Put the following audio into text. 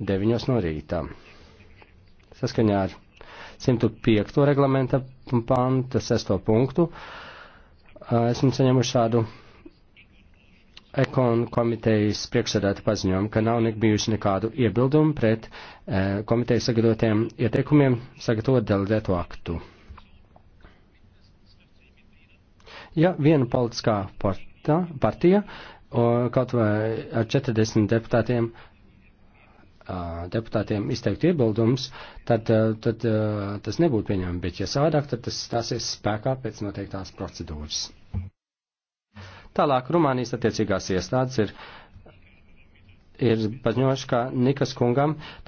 9 no rītā. Saskaņā ar 105. reglamenta panta 6. punktu esmu saņēmuši šādu ekonu komitejas priekšsēdēta paziņojumu, ka nav nek bijuši nekādu iebildumu pret e, komitejas sagatavotiem ieteikumiem sagatavot delegēto aktu. Ja viena politiskā partā, partija, o, kaut vai ar 40 deputātiem, deputātiem izteikt iebildumus, tad, tad tas nebūtu pieņemami, bet ja sādāk, tad tas stāsies spēkā pēc noteiktās procedūras. Tālāk Rumānijas attiecīgās iestādes ir, ir paziņojuši, ka Nikas kungam